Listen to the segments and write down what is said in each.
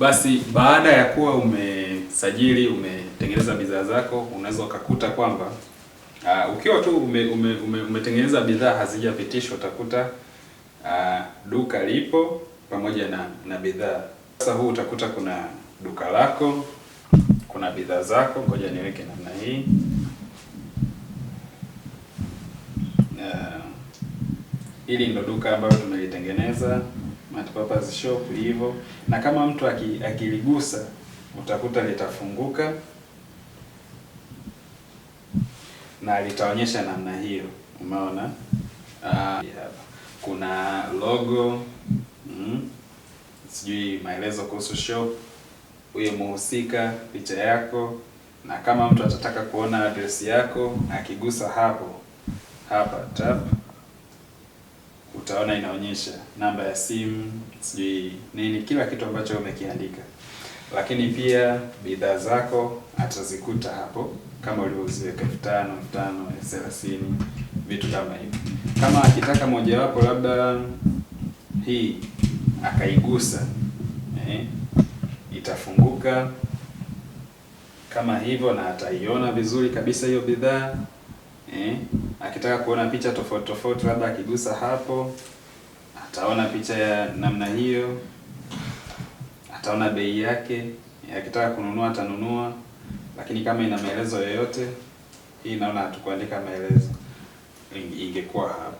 Basi baada ya kuwa umesajili, umetengeneza bidhaa zako, unaweza ukakuta kwamba uh, ukiwa tu ume, ume, ume, umetengeneza bidhaa hazijapitishwa, utakuta uh, duka lipo pamoja na na bidhaa. Sasa huu utakuta kuna duka lako, kuna bidhaa zako. Ngoja niweke namna hii uh, hili ndo duka ambayo tumelitengeneza multipurpose shop hivyo, na kama mtu akiligusa utakuta litafunguka na litaonyesha namna hiyo. Umeona hapa ah, kuna logo mm, sijui maelezo kuhusu shop, huyo muhusika, picha yako, na kama mtu atataka kuona address yako akigusa hapo hapa tap utaona inaonyesha namba ya simu, sijui nini, kila kitu ambacho umekiandika, lakini pia bidhaa zako atazikuta hapo kama ulivyoziweka elfu tano elfu tano elfu thelathini vitu kama hivyo. Kama akitaka mojawapo labda hii akaigusa, eh, itafunguka kama hivyo na ataiona vizuri kabisa hiyo bidhaa eh akitaka kuona picha tofauti tofauti, labda akigusa hapo ataona picha ya namna hiyo, ataona bei yake. Akitaka kununua atanunua, lakini kama ina maelezo yoyote hii, naona hatukuandika maelezo, ingekuwa hapo.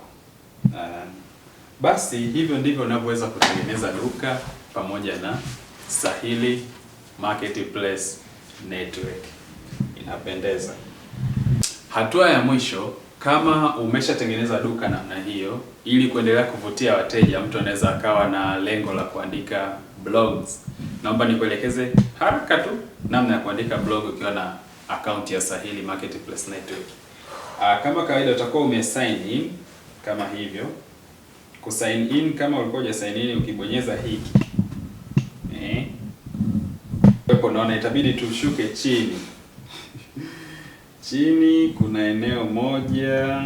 Basi hivyo ndivyo unavyoweza kutengeneza duka pamoja na Sahili Marketplace Network. Inapendeza. Hatua ya mwisho kama umeshatengeneza duka namna hiyo, ili kuendelea kuvutia wateja, mtu anaweza akawa na lengo la kuandika blogs. Naomba nikuelekeze haraka tu namna ya kuandika blog ukiwa na account ya Sahili Marketplace Network. Ah, kama kawaida utakuwa ume in kama hivyo. Ku sign in kama ulikuwa huja sign in, ukibonyeza hiki eh, unaona itabidi tushuke chini Chini kuna eneo moja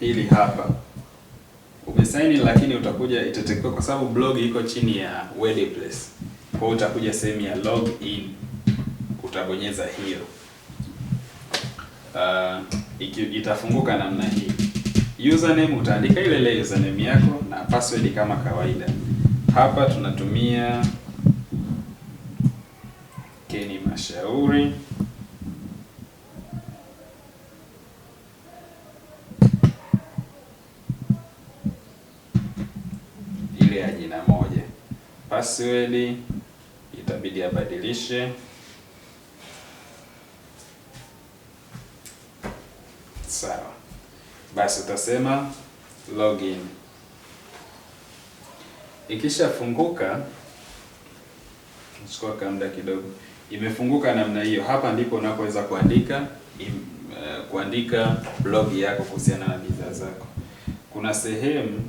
hili hapa umesaini, lakini utakuja itatekewa, kwa sababu blog iko chini ya WordPress. Kwa hiyo utakuja sehemu ya log in, utabonyeza hiyo. Uh, itafunguka namna hii. Username utaandika ile ile username yako na password kama kawaida. Hapa tunatumia Kenny Mashauri. ya jina moja. Password itabidi abadilishe sawa. Basi utasema login. Ikishafunguka, chukua kamda kidogo, imefunguka namna hiyo. Hapa ndipo unapoweza kuandika im, uh, kuandika blog yako kuhusiana na bidhaa zako. Kuna sehemu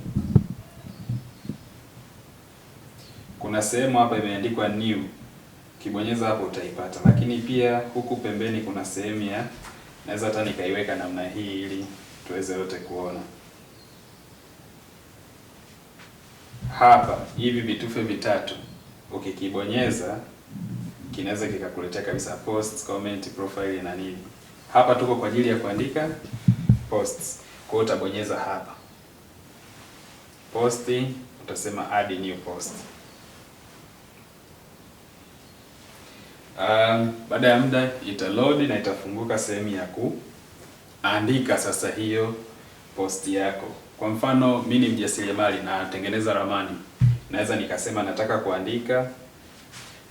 kuna sehemu hapa imeandikwa new, kibonyeza hapo utaipata, lakini pia huku pembeni kuna sehemu ya, naweza hata nikaiweka namna hii ili tuweze wote kuona hapa. Hivi vitufe vitatu ukikibonyeza kinaweza kikakuletea kabisa posts, comment, profile na nini. Hapa tuko kwa ajili ya kuandika posts, kwa hiyo utabonyeza hapa posti, utasema add new post. Um, baada ya muda load na itafunguka sehemu ya kuandika sasa hiyo posti yako. Kwa mfano mimi ni mjasiriamali natengeneza ramani, naweza nikasema nataka kuandika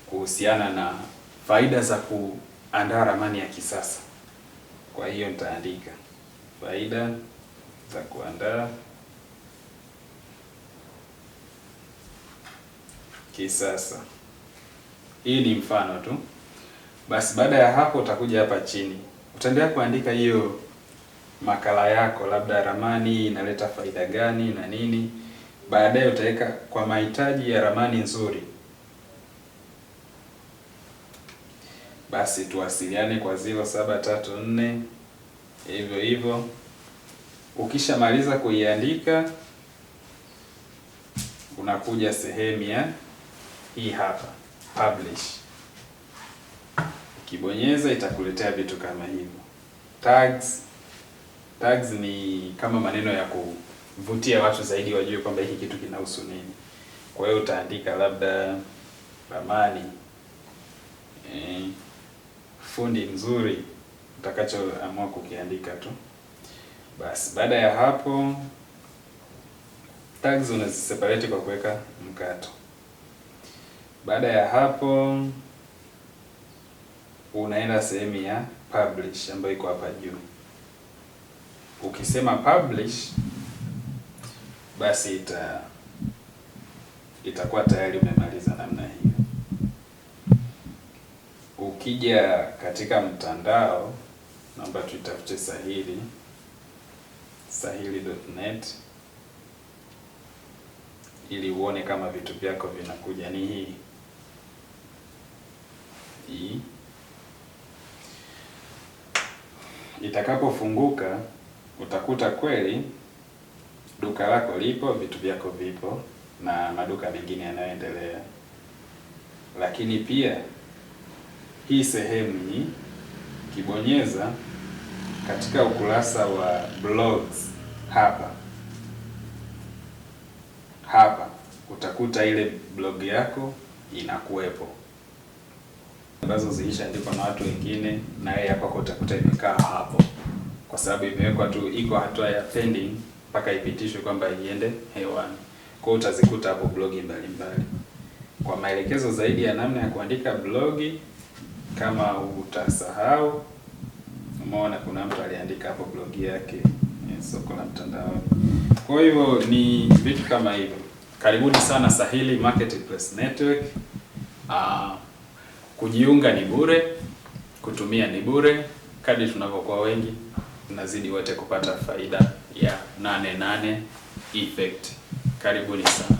kuhusiana na faida za kuandaa ramani ya kisasa. Kwa hiyo nitaandika faida za kuandaa kisasa. Hii ni mfano tu. Basi baada ya hapo utakuja hapa chini, utaendelea kuandika hiyo makala yako, labda ramani inaleta faida gani na nini. Baadaye utaweka kwa mahitaji ya ramani nzuri. Basi tuwasiliane kwa 0734 hivyo hivyo. Ukishamaliza kuiandika, unakuja sehemu ya hii hapa publish ukibonyeza itakuletea vitu kama hivyo. Tags, tags ni kama maneno ya kuvutia watu zaidi wajue kwamba hiki kitu kinahusu nini. Kwa hiyo utaandika labda ramani eh, fundi mzuri, utakachoamua kukiandika tu basi. Baada ya hapo, tags unaziseparate kwa kuweka mkato. Baada ya hapo unaenda sehemu ya publish ambayo iko hapa juu. Ukisema publish, basi ita itakuwa tayari umemaliza namna hiyo. Ukija katika mtandao, naomba tuitafute Sahili, sahili.net ili uone kama vitu vyako vinakuja. Ni hii hii itakapofunguka utakuta kweli duka lako lipo, vitu vyako vipo na maduka mengine yanayoendelea. Lakini pia hii sehemu ni kibonyeza katika ukurasa wa blogs hapa hapa, utakuta ile blog yako inakuwepo ambazo zilishaandikwa na watu wengine, na yeye hapa kwa utakuta imekaa hapo, kwa sababu imewekwa tu, iko hatua ya pending mpaka ipitishwe kwamba iende hewani. Kwa utazikuta hapo blogi mbalimbali. Kwa maelekezo zaidi ya namna ya kuandika blogi, kama utasahau, umeona kuna mtu aliandika hapo blogi yake eh, soko la mtandaoni. Kwa hiyo ni vitu kama hivyo. Karibuni sana Sahili Marketplace Network. Uh, Kujiunga ni bure, kutumia ni bure. Kadri tunavyokuwa wengi, tunazidi wote kupata faida ya Nane Nane Effect. Karibuni sana.